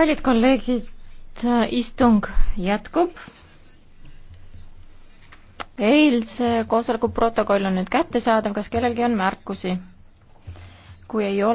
kallid kolleegid, istung jätkub. eilse koosoleku protokoll on nüüd kättesaadav, kas kellelgi on märkusi? kui ei ole,